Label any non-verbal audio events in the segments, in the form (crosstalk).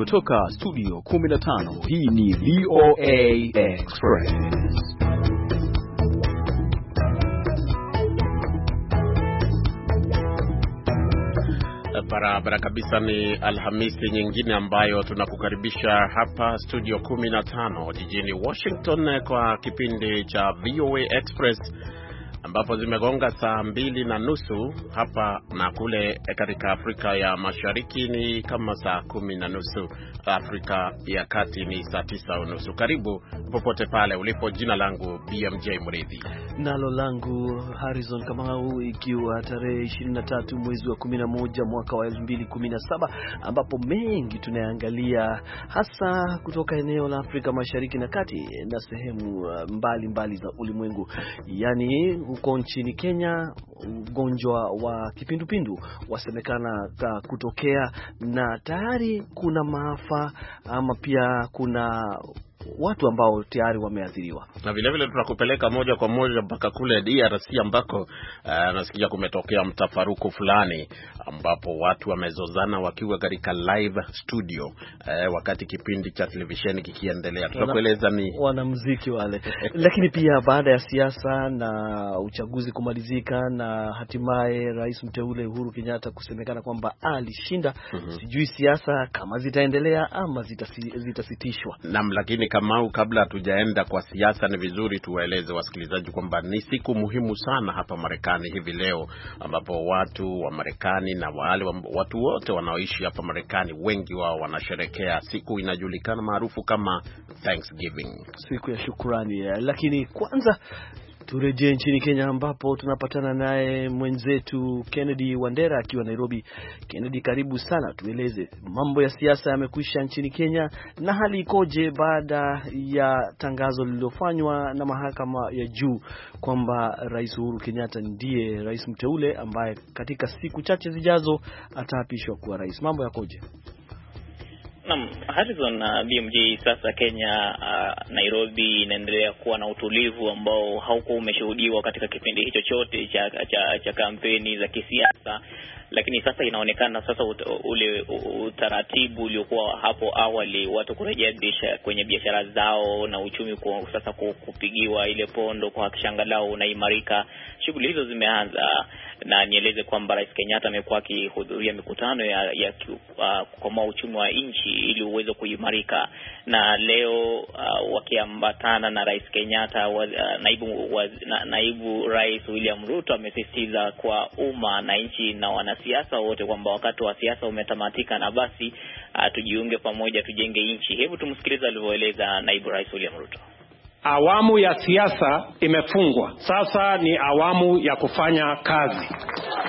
Kutoka studio 15 hii ni VOA Express. Barabara kabisa, ni Alhamisi nyingine ambayo tunakukaribisha hapa studio 15 jijini Washington kwa kipindi cha VOA Express ambapo zimegonga saa mbili na nusu hapa na kule eh, katika Afrika ya Mashariki ni kama saa kumi na nusu, Afrika ya Kati ni saa tisa unusu. Karibu popote pale ulipo, jina langu BMJ Mridhi nalo langu Harrison Kamau, ikiwa tarehe 23 mwezi wa 11 mwaka wa 2017 ambapo mengi tunayaangalia hasa kutoka eneo la Afrika Mashariki na Kati na sehemu mbalimbali eh, mbali za ulimwengu yani huko nchini Kenya, ugonjwa wa kipindupindu wasemekana kutokea, na tayari kuna maafa ama pia kuna watu ambao tayari wameathiriwa, na vile vile tunakupeleka moja kwa moja mpaka kule DRC ambako uh, nasikia kumetokea mtafaruku fulani ambapo watu wamezozana wakiwa katika live studio uh, wakati kipindi cha televisheni kikiendelea. Tutakueleza ni wanamuziki wale (laughs) lakini pia baada ya siasa na uchaguzi kumalizika na hatimaye rais mteule Uhuru Kenyatta kusemekana kwamba alishinda, mm -hmm. Sijui siasa kama zitaendelea ama zitasitishwa. Naam, lakini Kamau, kabla hatujaenda kwa siasa, ni vizuri tuwaeleze wasikilizaji kwamba ni siku muhimu sana hapa Marekani hivi leo, ambapo watu wa Marekani na wale watu wote wanaoishi hapa Marekani, wengi wao wanasherekea siku inajulikana maarufu kama Thanksgiving, siku ya shukrani. Lakini kwanza Turejee nchini Kenya ambapo tunapatana naye mwenzetu Kennedy Wandera akiwa Nairobi. Kennedy, karibu sana, tueleze mambo ya siasa yamekwisha nchini Kenya na hali ikoje baada ya tangazo lililofanywa na mahakama ya juu kwamba Rais Uhuru Kenyatta ndiye rais mteule ambaye katika siku chache zijazo ataapishwa kuwa rais. Mambo yakoje? Naam, Harrison na bmj Sasa Kenya, uh, Nairobi inaendelea kuwa na utulivu ambao haukuwa umeshuhudiwa katika kipindi hicho chote cha, cha, cha kampeni za kisiasa lakini sasa inaonekana sasa ut, ule utaratibu uliokuwa hapo awali, watu kurejea kwenye biashara zao na uchumi kwa, sasa kupigiwa ile pondo kwa kishangalao unaimarika, shughuli hizo zimeanza, na nieleze kwamba Rais Kenyatta amekuwa akihudhuria mikutano ya, ya uh, kukomoa uchumi wa nchi ili uweze kuimarika na leo uh, wakiambatana na Rais Kenyatta wa, uh, naibu, wa, na, naibu Rais William Ruto amesisitiza kwa umma na nchi na wanasiasa wote kwamba wakati wa siasa umetamatika na basi uh, tujiunge pamoja tujenge nchi. Hebu tumsikilize alivyoeleza naibu Rais William Ruto. Awamu ya siasa imefungwa, sasa ni awamu ya kufanya kazi.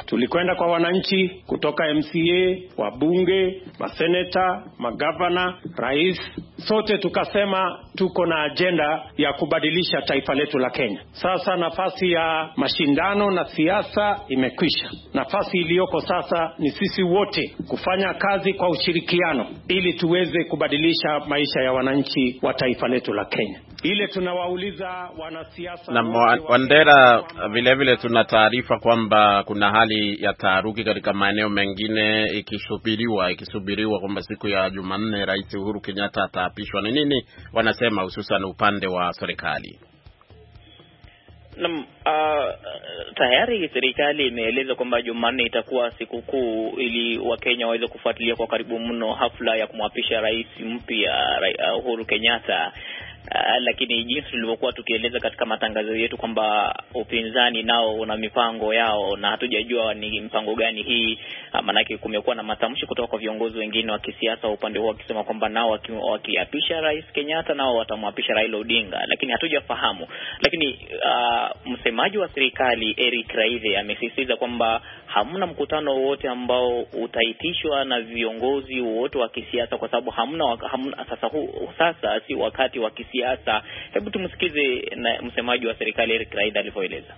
Tulikwenda kwa wananchi kutoka MCA, wabunge, maseneta, magavana, rais, sote tukasema tuko na ajenda ya kubadilisha taifa letu la Kenya. Sasa nafasi ya mashindano na siasa imekwisha. Nafasi iliyoko sasa ni sisi wote kufanya kazi kwa ushirikiano ili tuweze kubadilisha maisha ya wananchi wa taifa letu la Kenya. Ile tunawauliza wanasiasa na Wandera, vile vile tuna taarifa kwamba kuna hali ya taharuki katika maeneo mengine ikisubiriwa ikisubiriwa kwamba siku ya Jumanne Rais Uhuru Kenyatta ataapishwa. Ni nini wanasema hususan upande wa serikali? Naam, uh, tayari serikali imeeleza kwamba Jumanne itakuwa siku kuu ili Wakenya waweze kufuatilia kwa karibu mno hafla ya kumwapisha rais mpya Uhuru Kenyatta, Uh, lakini jinsi tulivyokuwa tukieleza katika matangazo yetu kwamba upinzani nao una mipango yao na hatujajua ni mpango gani hii. Uh, maanake kumekuwa na matamshi kutoka kwa viongozi wengine wa kisiasa wa upande huo wakisema kwamba nao wakiapisha Rais Kenyatta nao watamwapisha Raila Odinga, lakini hatujafahamu. Lakini uh, msemaji wa serikali Eric Raithe amesisitiza kwamba hamna mkutano wowote ambao utaitishwa na viongozi wowote wa kisiasa, kwa sababu hamna, hamna sasa, hu, sasa si wakati wa kisiasa. Hebu tumsikize na msemaji wa serikali Eric Raida alivyoeleza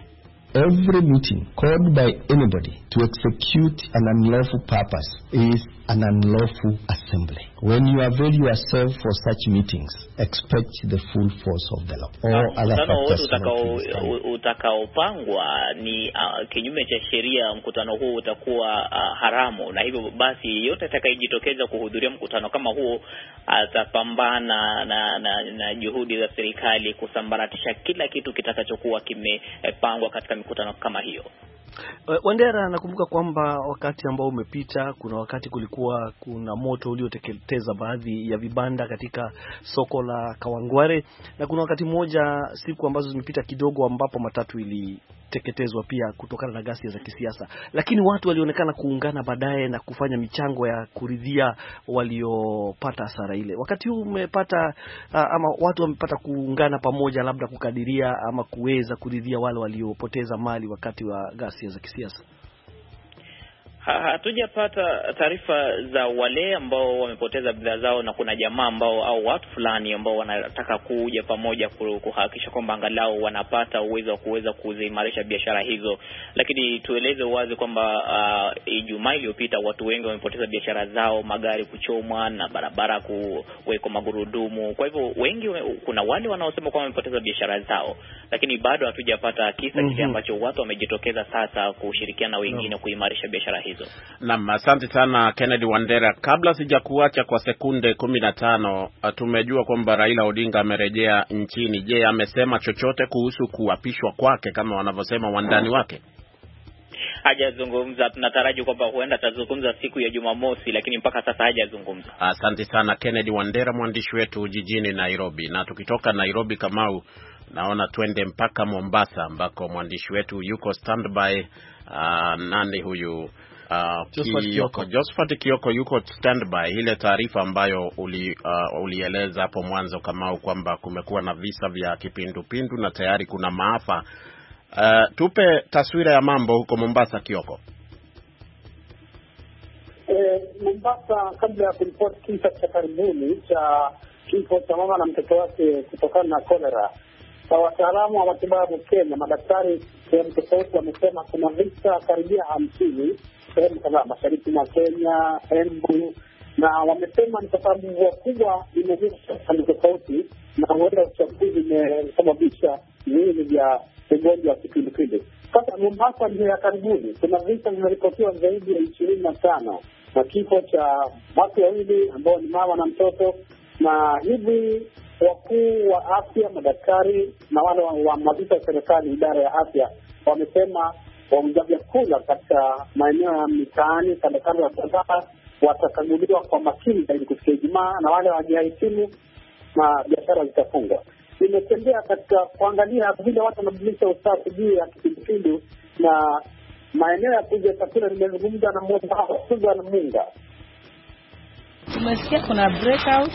every meeting called by anybody to execute an unlawful purpose is an unlawful assembly. When you avail yourself for such meetings, expect the full force of the law. or Mkutano wote utakaopangwa ni uh, kinyume cha sheria, mkutano huo utakuwa uh, haramu, na hivyo basi yeyote atakayejitokeza kuhudhuria mkutano kama huo atapambana na, na, na juhudi za serikali kusambaratisha kila kitu kitakachokuwa kimepangwa katika mikutano kama hiyo. Eh, Wandera, nakumbuka kwamba wakati ambao umepita, kuna wakati kulikuwa kuna moto ulioteketeza baadhi ya vibanda katika soko la Kawangware, na kuna wakati mmoja siku ambazo zimepita kidogo, ambapo matatu iliteketezwa pia kutokana na ghasia za kisiasa, lakini watu walionekana kuungana baadaye na kufanya michango ya kuridhia waliopata hasara ile. Wakati huu umepata ama watu wamepata kuungana pamoja, labda kukadiria ama kuweza kuridhia wale waliopoteza za Mali wakati wa ghasia za kisiasa? Hatujapata ha, taarifa za wale ambao wamepoteza bidhaa zao, na kuna jamaa ambao au watu fulani ambao wanataka kuja pamoja kuhakikisha kwamba angalau wanapata uwezo wa kuweza kuziimarisha biashara hizo, lakini tueleze wazi kwamba uh, Ijumaa iliyopita watu wengi wamepoteza biashara zao, magari kuchomwa na barabara kuwekwa magurudumu. Kwa hivyo wengi, kuna wale wanaosema kwamba wamepoteza biashara zao, lakini bado hatujapata kisa mm -hmm. kile mhm. ambacho watu wamejitokeza sasa kushirikiana wengine no. kuimarisha biashara hizo hizo. Naam, asante sana Kennedy Wandera. Kabla sijakuacha kwa sekunde kumi na tano, uh, tumejua kwamba Raila Odinga amerejea nchini. Je, amesema chochote kuhusu kuapishwa kwake kama wanavyosema wandani wake? Hajazungumza. Tunataraji kwamba huenda atazungumza siku ya Jumamosi, lakini mpaka sasa hajazungumza. Asante sana Kennedy Wandera, mwandishi wetu jijini Nairobi. Na tukitoka Nairobi, Kamau, naona twende mpaka Mombasa ambako mwandishi wetu yuko standby. Uh, nani huyu? uh, Josphat Kioko yuko standby. Ile taarifa ambayo uli, uh, ulieleza hapo mwanzo Kamau kwamba kumekuwa na visa vya kipindupindu na tayari kuna maafa uh, tupe taswira ya mambo huko Mombasa, Kioko. Eh, Mombasa, kabla ya kuripoti kisa cha karibuni cha kifo cha mama na mtoto wake kutokana na kolera kwa wataalamu wa matibabu Kenya, madaktari sehemu tofauti wamesema kuna visa karibia hamsini sehemu kadhaa mashariki mwa Kenya, Embu, na wamesema ni kwa sababu mvua kubwa imenyesha sehemu tofauti, na huenda uchafuzi imesababisha viini vya ugonjwa wa kipindupindu. Sasa Mombasa ndio ya karibuni, kuna visa vimeripotiwa zaidi ya ishirini na tano na kifo cha watu wawili ambao ni mama na mtoto, na hivi wakuu wa afya, madaktari na wale wa maafisa ya serikali, idara ya afya, wamesema wauza vyakula katika maeneo ya mitaani, kando kando ya barabara watakaguliwa kwa makini zaidi kufikia Ijumaa, na wale wajihitimu na biashara zitafungwa. Imetembea katika kuangalia vile watu wanabadilisha usafi juu ya kipindupindu na maeneo ya kuja chakula. Nimezungumza na mmoja wao, na Munga, Tumesikia kuna breakout,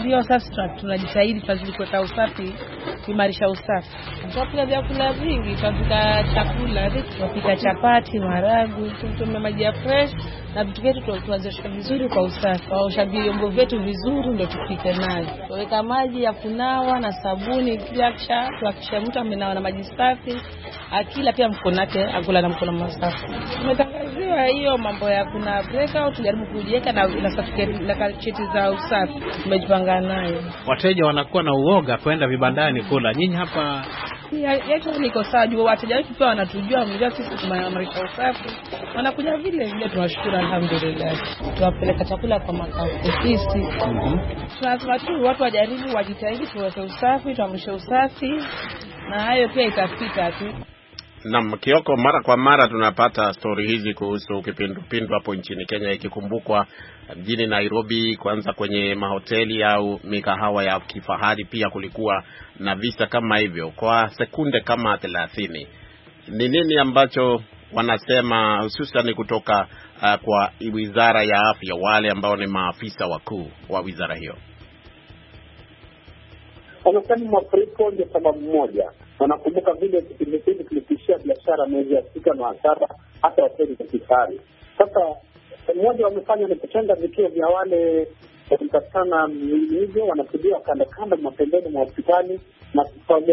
ndio sasa tunajitahidi tunazidi kuweka usafi, kuimarisha usafi. Tunapika vyakula vingi, tunapika chakula, tunapika chapati, maragu tunatumia maji ya fresh na vitu vyetu tuwazishika vizuri kwa usafi, waosha vyombo vyetu vizuri, ndo tupike nayo, waweka maji ya kunawa na sabuni, kila kisha kuhakikisha mtu amenawa na maji safi, akila pia mkono wake akula na mkono masafi. Tumetangaziwa hiyo mambo ya kuna breakout, tujaribu kujiweka na na certificate na kacheti za usafi, tumejipanga nayo. Wateja wanakuwa na uoga kwenda vibandani kula. Nyinyi hapa yetu yaani niko sawa juu wateja wetu pia wanatujua, wamejua sisi tumeamrisha usafi, wanakuja vile vile. Tunashukuru, alhamdulillah. Tunapeleka chakula kwa makaofisi. Mhm. Tunasema tu watu wajaribu, wajitahidi, tuweke usafi, tuamrishe usafi, na hayo pia itapita tu. Na Kioko, mara kwa mara tunapata stori hizi kuhusu kipindupindu hapo nchini Kenya, ikikumbukwa mjini Nairobi, kwanza kwenye mahoteli au mikahawa ya kifahari, pia kulikuwa na visa kama hivyo kwa sekunde kama thelathini. Ni nini ambacho wanasema hususan kutoka uh, kwa wizara ya afya, wale ambao ni maafisa wakuu wa wizara hiyo? Mafuriko ndio sababu moja. Wanakumbuka vile kipindupindu biashara sita na saba hata wateja za kifari. Sasa mmoja wamefanya ni kutenga vituo vya wale wakipatikana hivyo wanatibiwa kando kando mapembeni mwa hospitali, na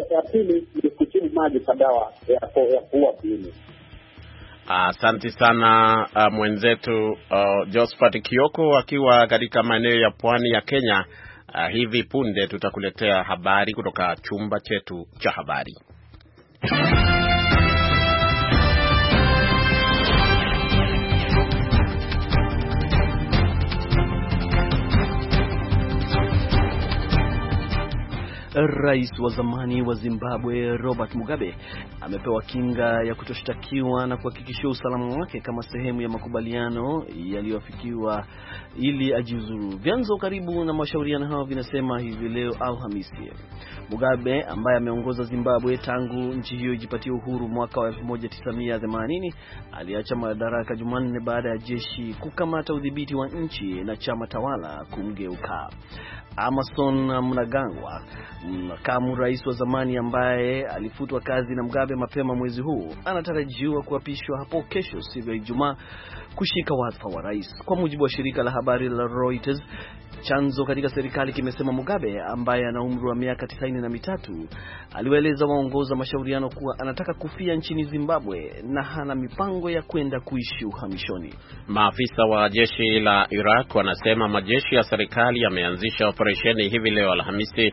ya pili ni kuchini maji kwa dawa ya kuua viini. Asante uh, sana uh, mwenzetu uh, Josphat Kioko akiwa katika maeneo ya pwani ya Kenya. Uh, hivi punde tutakuletea habari kutoka chumba chetu cha habari Rais wa zamani wa Zimbabwe Robert Mugabe amepewa kinga ya kutoshtakiwa na kuhakikishiwa usalama wake kama sehemu ya makubaliano yaliyofikiwa ili ajiuzuru. Vyanzo karibu na mashauriano hayo vinasema hivi leo Alhamisi. Mugabe ambaye ameongoza Zimbabwe tangu nchi hiyo ijipatia uhuru mwaka wa 1980 aliacha madaraka Jumanne baada ya jeshi kukamata udhibiti wa nchi na chama tawala kumgeuka. Amason Mnangagwa, makamu rais wa zamani ambaye alifutwa kazi na Mugabe mapema mwezi huu, anatarajiwa kuapishwa hapo kesho, siku ya Ijumaa, kushika wadhifa wa rais, kwa mujibu wa shirika la habari la Reuters. Chanzo katika serikali kimesema Mugabe ambaye ana umri wa miaka tisaini na mitatu aliwaeleza waongozi wa mashauriano kuwa anataka kufia nchini Zimbabwe na hana mipango ya kwenda kuishi uhamishoni. Maafisa wa jeshi la Iraq wanasema majeshi ya serikali yameanzisha operesheni hivi leo Alhamisi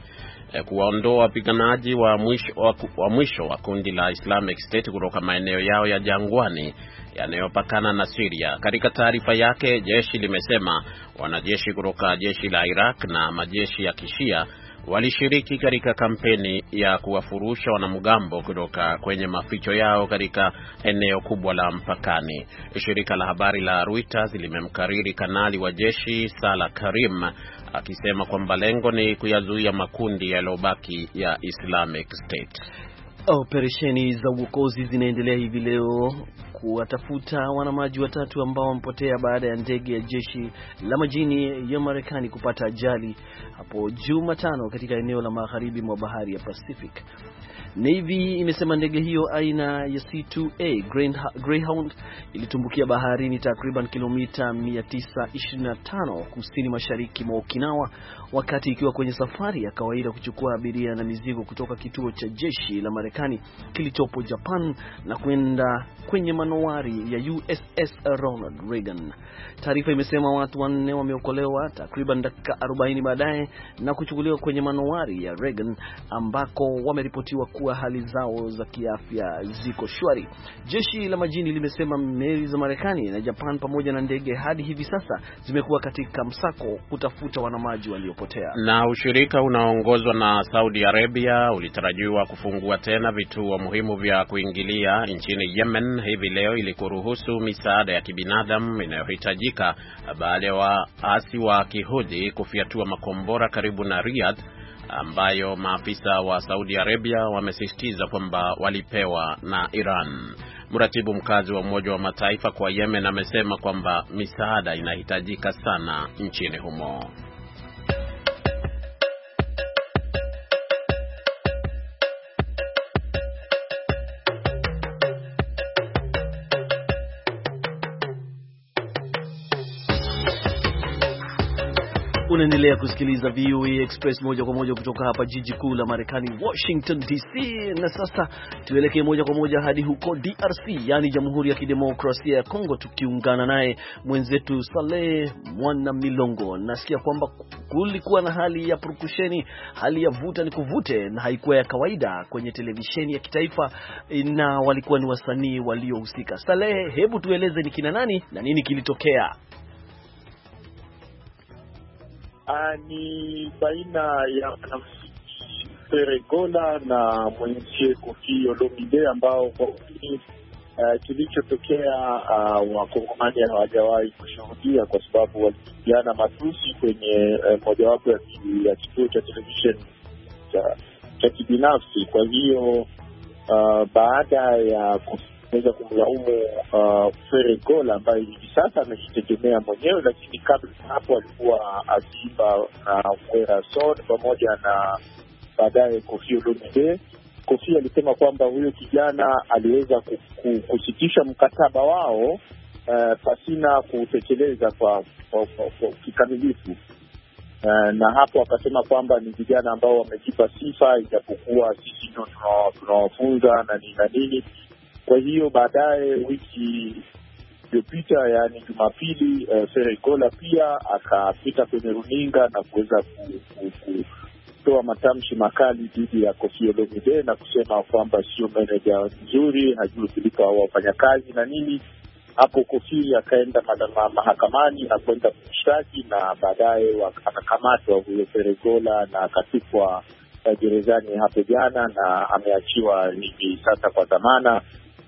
Eh, kuwaondoa wapiganaji wa mwisho wa, wa mwisho wa kundi la Islamic State kutoka maeneo yao ya jangwani yanayopakana na Syria. Katika taarifa yake, jeshi limesema wanajeshi kutoka jeshi la Iraq na majeshi ya Kishia walishiriki katika kampeni ya kuwafurusha wanamgambo kutoka kwenye maficho yao katika eneo kubwa la mpakani. Shirika la habari la Reuters limemkariri kanali wa jeshi Sala Karim akisema kwamba lengo ni kuyazuia makundi yaliyobaki ya Islamic State. Operesheni za uokozi zinaendelea hivi leo kuwatafuta wanamaji watatu ambao wamepotea baada ya ndege ya jeshi la majini ya Marekani kupata ajali hapo Jumatano katika eneo la magharibi mwa bahari ya Pacific. Navy imesema ndege hiyo aina ya C2A Greyhound ilitumbukia baharini takriban kilomita 925 kusini mashariki mwa Okinawa wakati ikiwa kwenye safari ya kawaida kuchukua abiria na mizigo kutoka kituo cha jeshi la Marekani kilichopo Japan na kwenda kwenye manowari ya USS Ronald Reagan. Taarifa imesema watu wanne wameokolewa takriban dakika 40 baadaye na kuchukuliwa kwenye manowari ya Reagan ambako wameripotiwa kuwa hali zao za kiafya ziko shwari. Jeshi la majini limesema meli za Marekani na Japan pamoja na ndege hadi hivi sasa zimekuwa katika msako kutafuta wanamaji waliopo kupotea. Na ushirika unaoongozwa na Saudi Arabia ulitarajiwa kufungua tena vituo muhimu vya kuingilia nchini Yemen hivi leo ili kuruhusu misaada ya kibinadamu inayohitajika baada ya waasi wa Kihudhi kufyatua makombora karibu na Riyadh ambayo maafisa wa Saudi Arabia wamesisitiza kwamba walipewa na Iran. Mratibu mkazi wa Umoja wa Mataifa kwa Yemen amesema kwamba misaada inahitajika sana nchini humo. Unaendelea kusikiliza VOA Express moja kwa moja kutoka hapa jiji kuu la Marekani, Washington DC. Na sasa tuelekee moja kwa moja hadi huko DRC, yaani Jamhuri ya Kidemokrasia ya Kongo, tukiungana naye mwenzetu Saleh Mwana Milongo. Nasikia kwamba kulikuwa na hali ya purukusheni, hali ya vuta ni kuvute, na haikuwa ya kawaida kwenye televisheni ya kitaifa, na walikuwa ni wasanii waliohusika. Saleh, hebu tueleze ni kina nani na nini kilitokea? Ah, ni baina ya Peregola na mwenzie Kofi Olomide ambao kwa kweli uh, kilichotokea uh, wakongomani hawajawahi kushuhudia kwa sababu walipigiana matusi kwenye uh, mojawapo ya kituo cha televisheni cha kibinafsi. Kwa hiyo uh, baada ya Kofi tunaweza kumlaumu uh, Ferregola ambaye hivi sasa amejitegemea mwenyewe, lakini kabla hapo alikuwa akiimba na uh, Son pamoja na baadaye Kofi Olomide. Kofi alisema kwamba huyo kijana aliweza kusitisha mkataba wao uh, pasina kutekeleza kwa, kwa, kwa, kwa kikamilifu. Uh, na hapo akasema kwamba ni vijana ambao wamejipa sifa, ijapokuwa sisi ndio tunawafunza na nini na nini, kwa hiyo baadaye wiki iliyopita, yaani Jumapili, uh, eh, Seregola pia akapita kwenye runinga na kuweza kutoa matamshi makali dhidi ya Koffi Olomide na kusema kwamba sio meneja mzuri, hajui kulipa wafanyakazi na nini. Hapo kofii akaenda mahakamani na kwenda kumshtaki, na baadaye akakamatwa huyo Seregola na akatupwa eh, gerezani hapo jana na ameachiwa hivi sasa kwa dhamana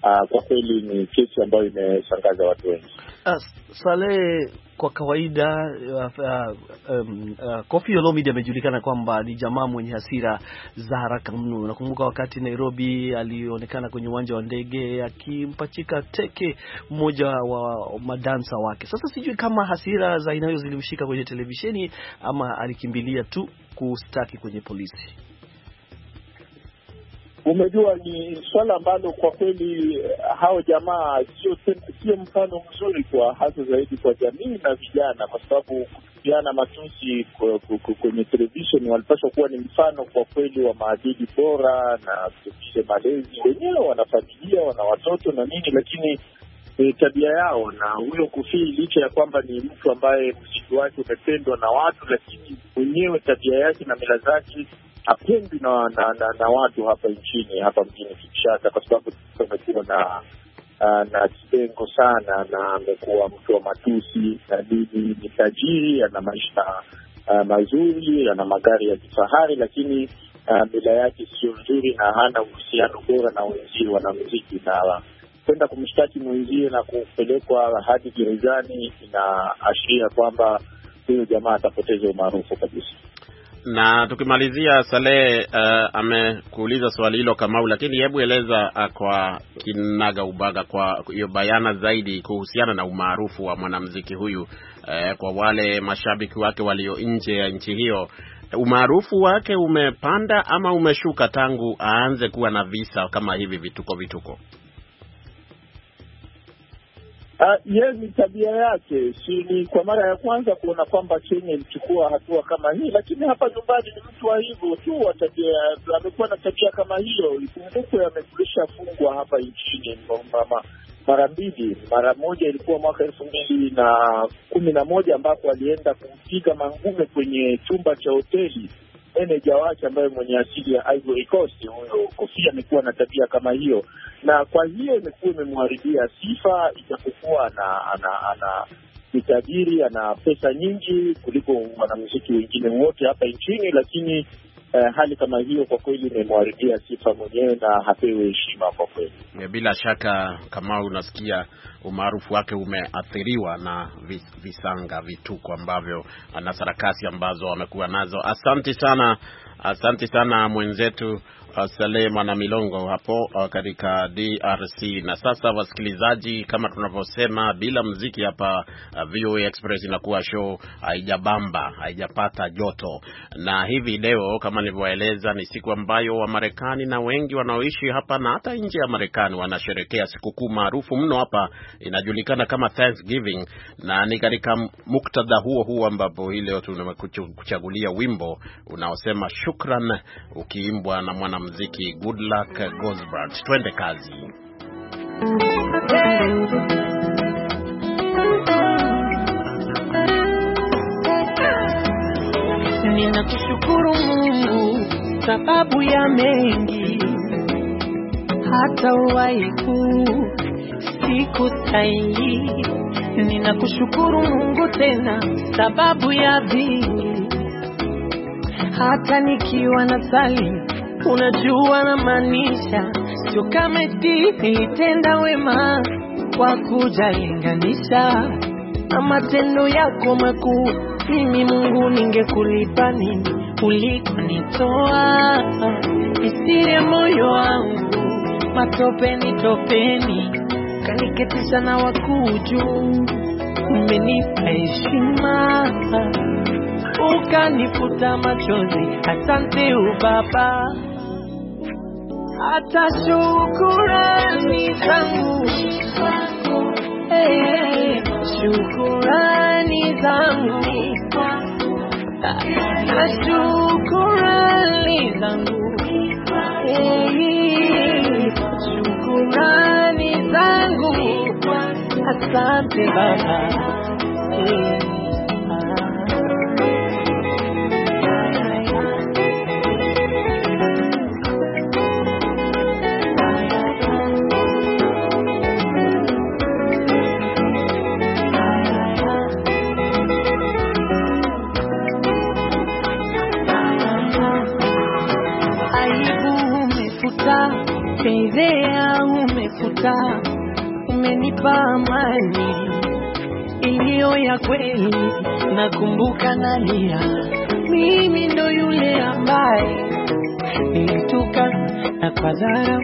uh, kwa kweli ni kesi ambayo imeshangaza watu wengi. Ah, Saleh, kwa kawaida uh, um, uh, Kofi Olomide amejulikana kwamba ni jamaa mwenye hasira za haraka mno. Nakumbuka wakati Nairobi alionekana kwenye uwanja wa ndege akimpachika teke mmoja wa madansa wake. Sasa sijui kama hasira za aina hiyo zilimshika kwenye televisheni ama alikimbilia tu kustaki kwenye polisi. Umejua, ni swala ambalo kwa kweli eh, hao jamaa sio mfano mzuri kwa hasa zaidi kwa jamii na vijana, kwa sababu kutupiana matusi kwenye televisheni walipaswa kuwa ni mfano kwa kweli wa maadili bora na vilevile malezi. Wenyewe wana familia, wana watoto na nini, lakini E, tabia yao na huyo Kufii, licha ya kwamba ni mtu ambaye mziki wake umependwa na watu, lakini mwenyewe tabia yake na mila zake apendi na, na, na, na watu hapa nchini hapa mjini Kinshasa kwa sababu amekuwa na na kitengo sana na amekuwa mtu wa matusi. dini. ni tajiri, ana maisha uh, mazuri, ana magari ya kifahari, lakini uh, mila yake sio nzuri na hana uhusiano bora na wenzie wanamuziki, na kwenda kumshtaki mwenzie na kupelekwa hadi gerezani inaashiria kwamba huyo jamaa atapoteza umaarufu kabisa. Na tukimalizia salehe uh, amekuuliza swali hilo Kamau, lakini hebu eleza uh, kwa kinaga ubaga, kwa hiyo bayana zaidi kuhusiana na umaarufu wa mwanamuziki huyu uh, kwa wale mashabiki wake walio nje ya nchi hiyo, umaarufu wake umepanda ama umeshuka tangu aanze kuwa na visa kama hivi vituko vituko? Uh, ah, ye ni tabia yake. Si ni kwa mara ya kwanza kuona kwamba Kenya ilichukua hatua kama hii, lakini hapa nyumbani ni mtu wa hivyo tu wa tabia, amekuwa na tabia kama hiyo. Ikumbukwe amekulisha fungwa hapa nchini mara mbili. Mara moja ilikuwa mwaka elfu mbili na kumi na moja ambapo alienda kumpiga mangume kwenye chumba cha hoteli meneja wake ambaye mwenye asili ya Ivory Coast. Huyo Kofi amekuwa na tabia kama hiyo na kwa hiyo imekuwa imemwharibia sifa, ijapokuwa ana ana ana ni tajiri, ana pesa nyingi kuliko wanamuziki wengine wote hapa nchini, lakini Uh, hali kama hiyo kwa kweli imemwharibia sifa mwenyewe na hapewe heshima kwa kweli. Eh, bila shaka kama unasikia umaarufu wake umeathiriwa na visanga, vituko ambavyo na sarakasi ambazo amekuwa nazo. Asante sana Asante sana mwenzetu uh, Saleh Mwanamilongo hapo uh, katika DRC. Na sasa, wasikilizaji, kama tunavyosema, bila mziki hapa uh, VOA Express inakuwa show haijabamba, haijapata joto. Na hivi leo, kama nilivyoeleza, ni siku ambayo Wamarekani na wengi wanaoishi hapa na hata nje ya Marekani wanasherekea sikukuu maarufu mno hapa, inajulikana kama Thanksgiving, na ni katika muktadha huo huo ambapo hii leo tumekuchagulia wimbo unaosema Shukran ukiimbwa na mwanamuziki Goodluck Gozbert. Twende kazi. Ninakushukuru Mungu sababu ya mengi hata waiku siku sahihi. Ninakushukuru Mungu tena sababu ya vingi hata nikiwa na sali, unajua na maanisha, sio kama eti nilitenda wema kwa kujalinganisha na matendo yako makuu. Mimi Mungu, ningekulipa nini ulikonitoa? Isire moyo wangu matopeni topeni, kaniketisha na wakuu juu, umenipa heshima ukanifuta machozi. Asante ubaba, hata shukurani zangu hey, eh, shukurani zangu na shukurani zangu hey, eh, shukurani zangu, asante baba hey. Eh. umenitendea, umefuta, umenipa amani iliyo ya kweli. Nakumbuka nalia, mimi ndo yule ambaye nilituka na kwa dhara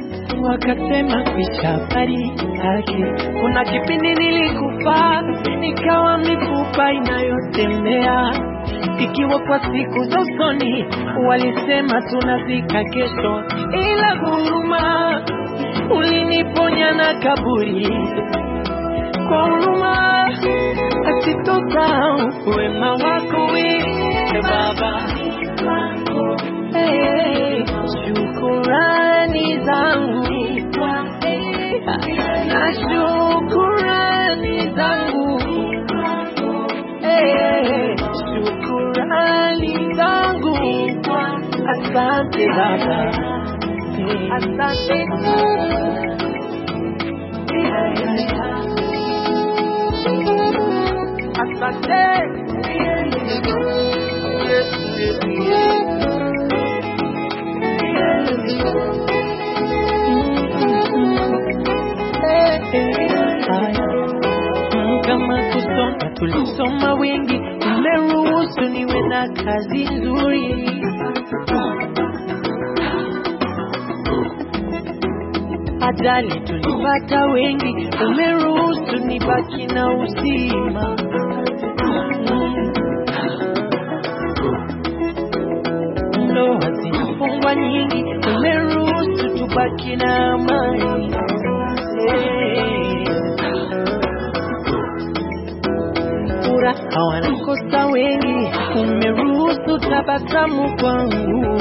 wakasema kwisha habari yake. Kuna kipindi nilikufa nikawa mifupa inayotembea, ikiwa kwa siku zosoni walisema tunazika kesho, ila na kaburi kwa huruma asitosahau wema wako wewe Baba. Hey, shukurani zangu na shukurani zangu hey, shukurani zangu asante Baba, asante Mungu. tulisoma wengi, umeruhusu niwe na kazi nzuri ajali tulipata wengi, umeruhusu nibaki na uzima ndoa mm. zinafungwa nyingi, umeruhusu tubaki na amani hey. hawana kosa wengi, umeruhusu tabasamu kwangu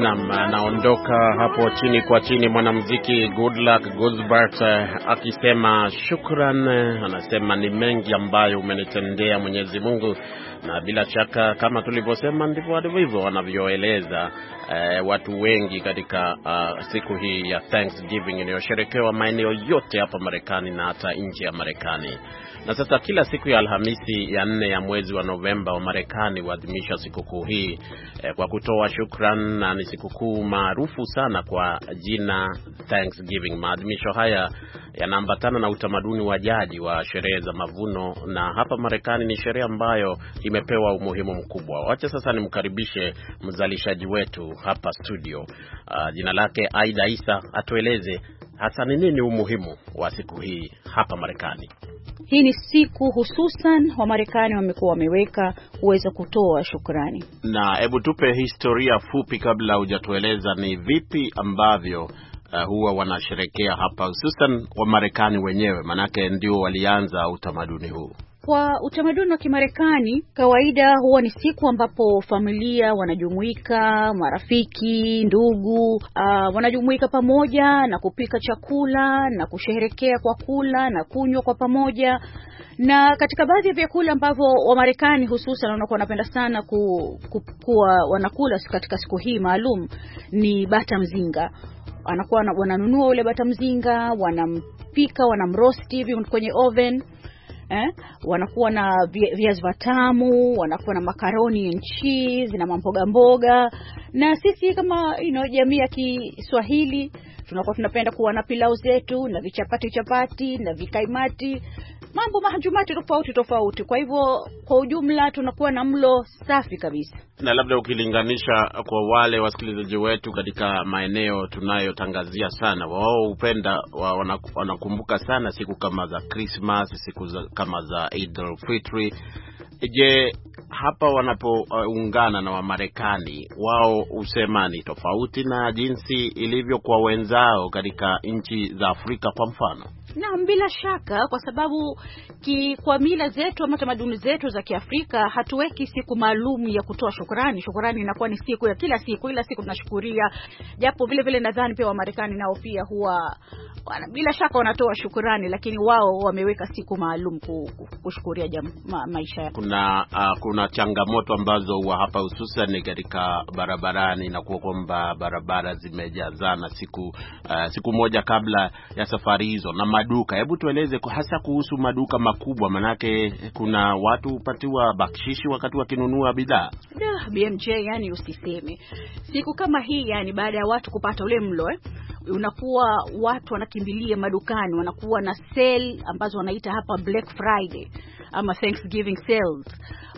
nam anaondoka hapo chini kwa chini mwanamuziki Goodluck Gozbert eh, akisema shukran. Eh, anasema ni mengi ambayo umenitendea Mwenyezi Mungu, na bila shaka kama tulivyosema ndivyo hivyo wanavyoeleza eh, watu wengi katika uh, siku hii ya Thanksgiving inayosherekewa maeneo yote hapa Marekani na hata nje ya Marekani. Na sasa kila siku ya Alhamisi ya nne ya mwezi wa Novemba wa Marekani huadhimisha sikukuu hii eh, kwa kutoa shukran, na ni sikukuu maarufu sana kwa jina Thanksgiving. Maadhimisho haya yanaambatana na utamaduni wa jadi wa sherehe za mavuno, na hapa Marekani ni sherehe ambayo ime imepewa umuhimu mkubwa. Wacha sasa nimkaribishe mzalishaji wetu hapa studio, uh, jina lake Aida Isa, atueleze hasa ni nini umuhimu wa siku hii hapa Marekani. Hii ni siku hususan Marekani wamekuwa wameweka kuweza kutoa shukrani. Na hebu tupe historia fupi, kabla hujatueleza ni vipi ambavyo uh, huwa wanasherekea hapa, hususan Wamarekani wenyewe, maanake ndio walianza utamaduni huu. Kwa utamaduni wa Kimarekani, kawaida huwa ni siku ambapo familia wanajumuika, marafiki, ndugu uh, wanajumuika pamoja na kupika chakula na kusheherekea kwa kula na kunywa kwa pamoja na katika baadhi ya vyakula ambavyo Wamarekani hususan wanakuwa wanapenda sana ku, ku, kuwa wanakula katika siku hii maalum ni bata mzinga. Anakuwa wananunua ule bata mzinga, wanampika, wanamrosti hivi kwenye oven eh, wanakuwa na viazi vitamu, wanakuwa na makaroni and cheese na mamboga mboga, na sisi kama you know, jamii ya Kiswahili tunakuwa tunapenda kuwa na pilau zetu na vichapati chapati na vikaimati mambo mahajumati tofauti tofauti. Kwa hivyo kwa ujumla tunakuwa na mlo safi kabisa, na labda ukilinganisha kwa wale wasikilizaji wetu katika maeneo tunayotangazia sana, wao hupenda wa, wanakumbuka sana siku kama za Christmas, siku za, kama za Eid al-Fitr. Je, hapa wanapoungana uh, na Wamarekani, wao husema ni tofauti na jinsi ilivyo kwa wenzao katika nchi za Afrika kwa mfano. Naam, bila shaka, kwa sababu ki, kwa mila zetu ama tamaduni zetu za Kiafrika hatuweki siku maalum ya kutoa shukurani. Shukurani inakuwa ni siku ya kila siku, ila siku tunashukuria, japo vile vile nadhani pia Wamarekani nao pia huwa wana, bila shaka wanatoa shukurani, lakini wao wameweka siku maalum kushukuria jam, ma, maisha. Kuna uh, kuna changamoto ambazo huwa hapa hususan katika barabarani, na kuwa kwamba barabara zimejazana siku uh, siku moja kabla ya safari hizo, na maduka. Hebu tueleze hasa kuhusu maduka makubwa, manake kuna watu hupatiwa bakshishi wakati wakinunua bidhaa BMJ. Yani usiseme siku kama hii, yani baada ya watu kupata ule mlo eh, unakuwa watu wanakimbilia madukani, wanakuwa na sale ambazo wanaita hapa Black Friday ama Thanksgiving sales,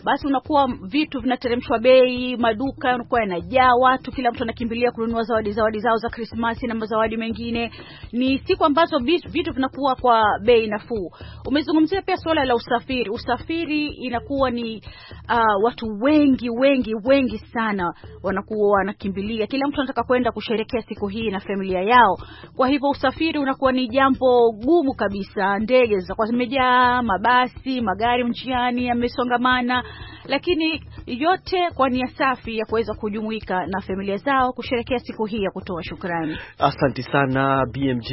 basi unakuwa vitu vinateremshwa bei, maduka yanakuwa yanajaa watu, kila mtu anakimbilia kununua zawadi zawadi zao za Krismasi na mazawadi mengine. Ni siku ambazo vitu, vinakuwa kwa bei nafuu. Umezungumzia pia suala la usafiri. Usafiri inakuwa ni uh, watu wengi wengi wengi sana wanakuwa wanakimbilia, kila mtu anataka kwenda kusherekea siku hii na familia yao. Kwa hivyo usafiri unakuwa ni jambo gumu kabisa, ndege zitakuwa zimejaa, mabasi, magari magari mjiani yamesongamana, lakini yote kwa nia safi ya kuweza kujumuika na familia zao kusherekea siku hii ya kutoa shukrani. Asanti sana BMJ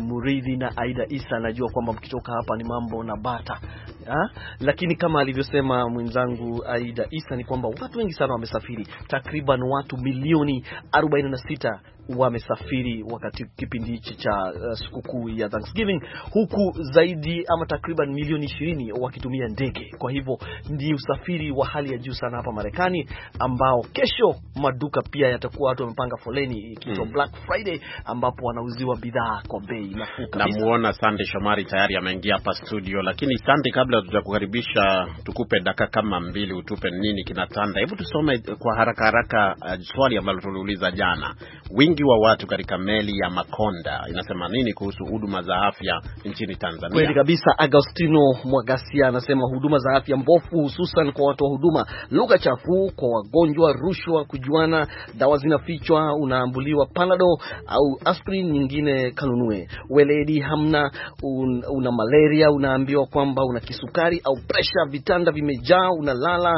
Muridhi na Aida Isa. Najua kwamba mkitoka hapa ni mambo na bata ha? Ah? Lakini kama alivyosema mwenzangu Aida Isa ni kwamba watu wengi sana wamesafiri, takriban watu milioni 46 wamesafiri wakati kipindi hichi cha uh, sikukuu ya Thanksgiving, huku zaidi ama takriban milioni ishirini wakitumia ndege. Kwa hivyo ni usafiri wa hali ya juu sana hapa Marekani, ambao kesho maduka pia yatakuwa watu wamepanga foleni ikiitwa mm, Black Friday, ambapo wanauziwa bidhaa kwa bei nafuu Namuona Sandy Shomari tayari ameingia hapa studio, lakini Sandy, kabla labda tutakukaribisha tukupe dakika kama mbili, utupe nini kinatanda. Hebu tusome kwa haraka haraka uh, swali ambalo tuliuliza jana, wingi wa watu katika meli ya Makonda inasema nini kuhusu huduma za afya nchini Tanzania? Kweli kabisa. Agostino Mwagasia anasema huduma za afya mbovu, hususan kwa watu wa huduma, lugha chafu kwa wagonjwa, rushwa, kujuana, dawa zinafichwa, unaambuliwa panado au aspirin nyingine kanunue, weledi hamna, un, una malaria unaambiwa kwamba una kisu sukari au presha, vitanda vimejaa, unalala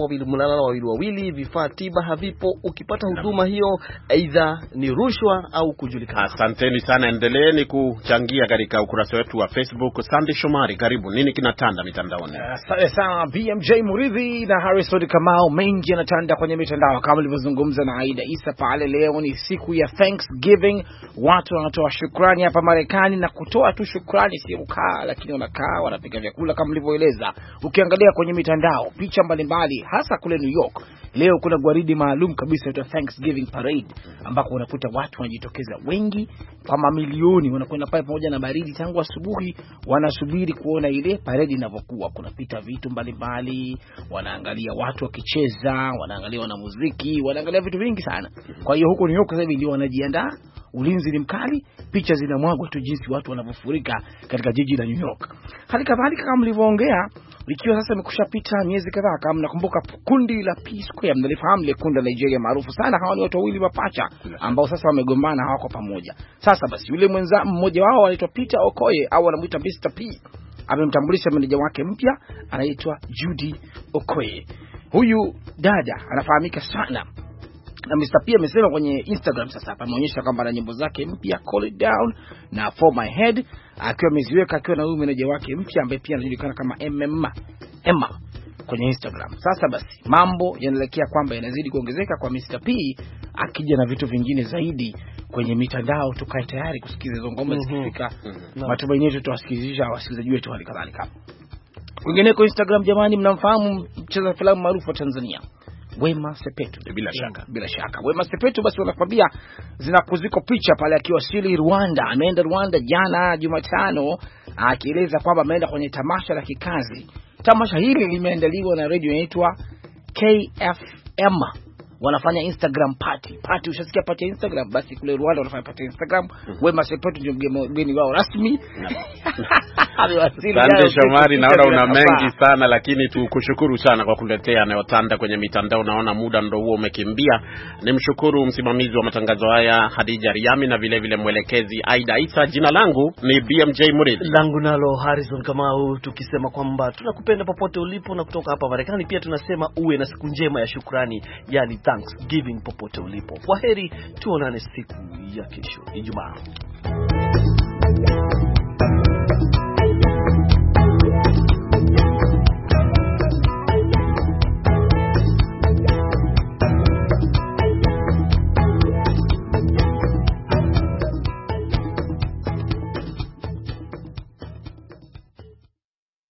wawili mlalala wawili wawili, vifaa tiba havipo. Ukipata huduma hiyo, aidha ni rushwa au kujulikana. Asanteni sana, endeleeni kuchangia katika ukurasa wetu wa Facebook. Sandy Shomari, karibu. Nini kinatanda mitandaoni? Asante sana BMJ Muridhi na Harrison Kamau. Mengi yanatanda kwenye mitandao kama ulivyozungumza na Aida Isa pale. Leo ni siku ya Thanksgiving, watu wanatoa shukrani hapa Marekani na kutoa tu shukrani, si kukaa, lakini wanakaa wanapika vyakula kama mlivyoeleza, ukiangalia kwenye mitandao picha mbalimbali, hasa kule New York Leo kuna gwaridi maalum kabisa inaitwa Thanksgiving Parade ambako unakuta watu wanajitokeza wengi kwa mamilioni, wanakwenda pale pamoja na baridi tangu asubuhi, wanasubiri kuona ile parade inavyokuwa. Kunapita vitu mbalimbali, wanaangalia watu wakicheza, wanaangalia wanamuziki, wanaangalia vitu vingi sana. Kwa hiyo huko ni huko sasa hivi ndio wanajiandaa, ulinzi ni mkali, picha zinamwagwa tu jinsi watu wanavyofurika katika jiji la New York. Hali kadhalika kama mlivyoongea, likiwa sasa imekushapita miezi kadhaa, kama mnakumbuka kundi la Peace Okoya, mnalifahamu ile kundi la Nigeria maarufu sana. Hawa ni watu wawili mapacha ambao sasa wamegombana, hawako pamoja. Sasa basi, yule mwenza mmoja wao anaitwa Peter Okoye au anamuita Mr P, amemtambulisha meneja wake mpya anaitwa Judy Okoye. Huyu dada anafahamika sana na Mr P amesema kwenye Instagram. Sasa hapa ameonyesha kwamba na nyimbo zake mpya Call It Down na For My Head, akiwa ameziweka akiwa na huyu meneja wake mpya ambaye pia anajulikana kama MMA. Emma Emma kwenye Instagram. Sasa basi mambo yanaelekea kwamba yanazidi kuongezeka kwa Mr. P akija na vitu vingine zaidi kwenye mitandao. Tukae tayari kusikiliza hizo ngoma mhm. zikifika. mm -hmm. Matumaini yetu tutawasikilizisha wasikilizaji wetu hali kadhalika. Kwingineko Instagram, jamani, mnamfahamu mcheza filamu maarufu wa Tanzania Wema Sepetu bila yeah. shaka bila shaka Wema Sepetu, basi wanakwambia zinakuziko picha pale akiwasili Rwanda. Ameenda Rwanda jana Jumatano, akieleza kwamba ameenda kwenye tamasha la kikazi Tamasha hili limeandaliwa na redio inaitwa KFM, wanafanya Instagram pati pati, ushasikia pati ya Instagram? Basi kule Rwanda wanafanya pati ya Instagram. Mhm. Wema Sepetu ndio mgeni wao rasmi. (laughs) Sande Shomari, naona una mengi sana lakini tukushukuru sana kwa kuletea anayotanda kwenye mitandao. Naona muda ndo huo umekimbia. Nimshukuru msimamizi wa matangazo haya Hadija Riami na vile vile mwelekezi Aida Isa. Jina langu ni BMJ Muridi, langu nalo Harrison Kamau, tukisema kwamba tunakupenda popote ulipo, na kutoka hapa Marekani pia tunasema uwe na siku njema ya shukrani, yani Thanksgiving popote ulipo ulipo. Kwa heri, tuonane siku ya kesho Ijumaa.